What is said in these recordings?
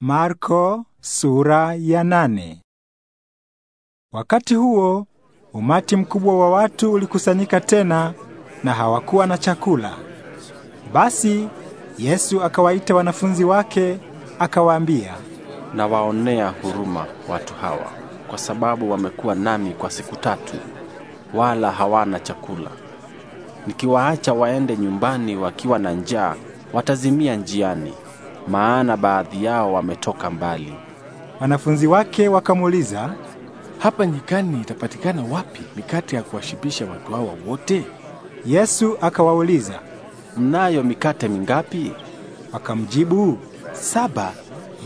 Marko sura ya nane. Wakati huo umati mkubwa wa watu ulikusanyika tena na hawakuwa na chakula. Basi Yesu akawaita wanafunzi wake akawaambia, nawaonea huruma watu hawa kwa sababu wamekuwa nami kwa siku tatu wala hawana chakula. Nikiwaacha waende nyumbani wakiwa na njaa, watazimia njiani maana baadhi yao wametoka mbali. Wanafunzi wake wakamuuliza, hapa nyikani itapatikana wapi mikate ya kuwashibisha watu hawa wote? Yesu akawauliza, mnayo mikate mingapi? Wakamjibu, saba.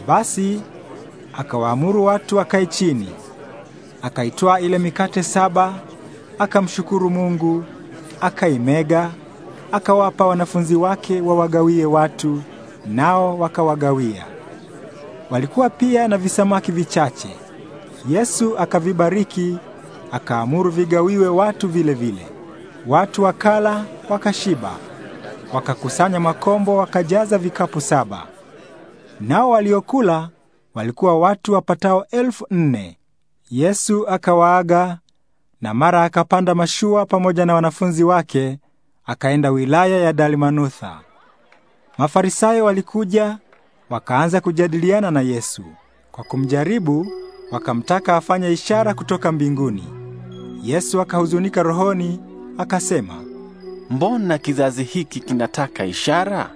Basi akawaamuru watu wakae chini. akaitoa ile mikate saba, akamshukuru Mungu, akaimega, akawapa wanafunzi wake wawagawie watu nao wakawagawia. Walikuwa pia na visamaki vichache. Yesu akavibariki, akaamuru vigawiwe watu vile vile. Watu wakala wakashiba, wakakusanya makombo wakajaza vikapu saba. Nao waliokula walikuwa watu wapatao elfu nne. Yesu akawaaga na mara akapanda mashua pamoja na wanafunzi wake akaenda wilaya ya Dalmanutha. Mafarisayo walikuja wakaanza kujadiliana na Yesu. Kwa kumjaribu, wakamtaka afanye ishara kutoka mbinguni. Yesu akahuzunika rohoni, akasema, Mbona kizazi hiki kinataka ishara?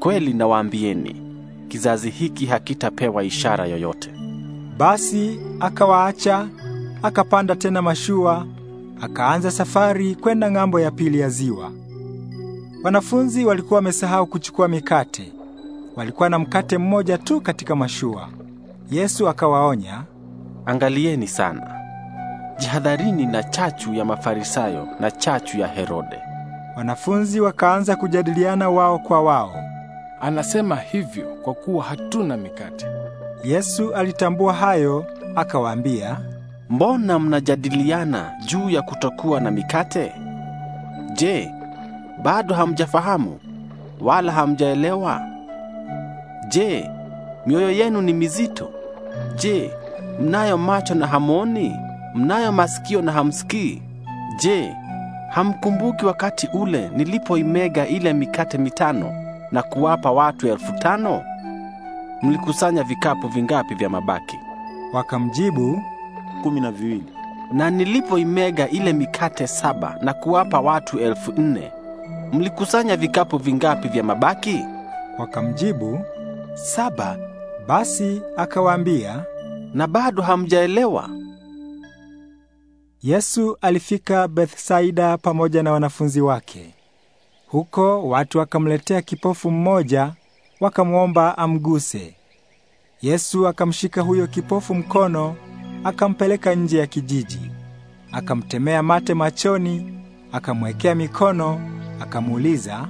Kweli nawaambieni, kizazi hiki hakitapewa ishara yoyote. Basi akawaacha, akapanda tena mashua, akaanza safari kwenda ng'ambo ya pili ya ziwa. Wanafunzi walikuwa wamesahau kuchukua mikate. Walikuwa na mkate mmoja tu katika mashua. Yesu akawaonya, angalieni sana, jihadharini na chachu ya Mafarisayo na chachu ya Herode. Wanafunzi wakaanza kujadiliana wao kwa wao, anasema hivyo kwa kuwa hatuna mikate. Yesu alitambua hayo, akawaambia, mbona mnajadiliana juu ya kutokuwa na mikate? Je, bado hamjafahamu wala hamjaelewa? Je, mioyo yenu ni mizito? Je, mnayo macho na hamoni? Mnayo masikio na hamsikii? Je, hamkumbuki wakati ule nilipoimega ile mikate mitano na kuwapa watu elfu tano? Mlikusanya vikapu vingapi vya mabaki? Wakamjibu, kumi na viwili. Na nilipoimega ile mikate saba na kuwapa watu elfu nne mlikusanya vikapu vingapi vya mabaki? Wakamjibu, saba. Basi akawaambia, na bado hamjaelewa? Yesu alifika Bethsaida pamoja na wanafunzi wake. Huko watu wakamletea kipofu mmoja, wakamwomba amguse. Yesu akamshika huyo kipofu mkono, akampeleka nje ya kijiji, akamtemea mate machoni, akamwekea mikono Akamuuliza,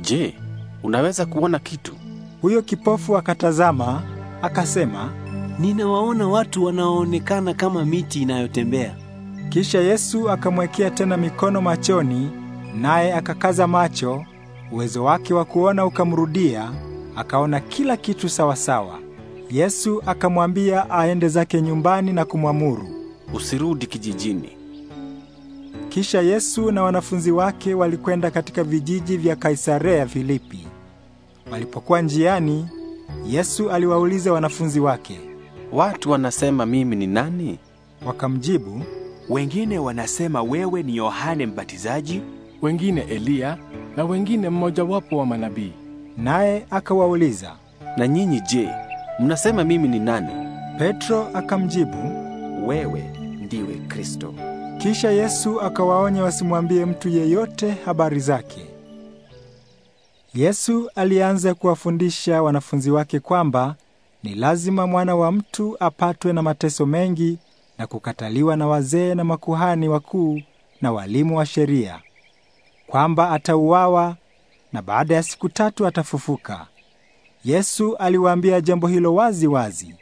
Je, unaweza kuona kitu? Huyo kipofu akatazama, akasema, ninawaona watu wanaoonekana kama miti inayotembea. Kisha Yesu akamwekea tena mikono machoni, naye akakaza macho, uwezo wake wa kuona ukamrudia, akaona kila kitu sawasawa. Yesu akamwambia aende zake nyumbani na kumwamuru, usirudi kijijini. Kisha Yesu na wanafunzi wake walikwenda katika vijiji vya Kaisarea Filipi. Walipokuwa njiani, Yesu aliwauliza wanafunzi wake, watu wanasema mimi ni nani? Wakamjibu, wengine wanasema wewe ni Yohane Mbatizaji, wengine Eliya, na wengine mmojawapo wa manabii. Naye akawauliza, na nyinyi je, mnasema mimi ni nani? Petro akamjibu, wewe ndiwe Kristo. Kisha Yesu akawaonya wasimwambie mtu yeyote habari zake. Yesu alianza kuwafundisha wanafunzi wake kwamba ni lazima mwana wa mtu apatwe na mateso mengi na kukataliwa na wazee na makuhani wakuu na walimu wa sheria, kwamba atauawa na baada ya siku tatu atafufuka. Yesu aliwaambia jambo hilo wazi wazi.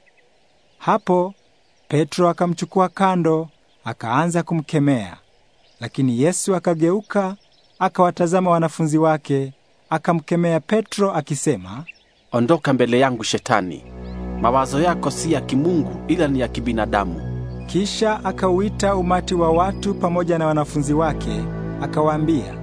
Hapo Petro akamchukua kando akaanza kumkemea. Lakini Yesu akageuka, akawatazama wanafunzi wake, akamkemea Petro akisema, Ondoka mbele yangu Shetani, mawazo yako si ya kimungu ila ni ya kibinadamu. Kisha akauita umati wa watu pamoja na wanafunzi wake, akawaambia,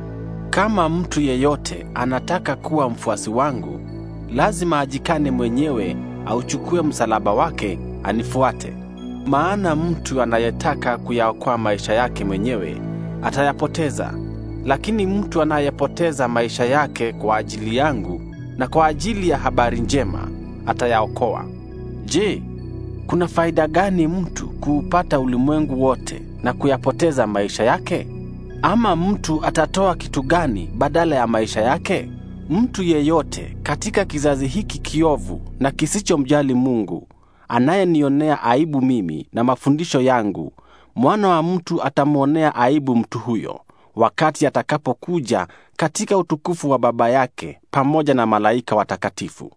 kama mtu yeyote anataka kuwa mfuasi wangu, lazima ajikane mwenyewe, auchukue msalaba wake, anifuate. Maana mtu anayetaka kuyaokoa maisha yake mwenyewe atayapoteza, lakini mtu anayepoteza maisha yake kwa ajili yangu na kwa ajili ya habari njema atayaokoa. Je, kuna faida gani mtu kuupata ulimwengu wote na kuyapoteza maisha yake? Ama mtu atatoa kitu gani badala ya maisha yake? Mtu yeyote katika kizazi hiki kiovu na kisichomjali Mungu anayenionea aibu mimi na mafundisho yangu, mwana wa mtu atamwonea aibu mtu huyo wakati atakapokuja katika utukufu wa Baba yake pamoja na malaika watakatifu.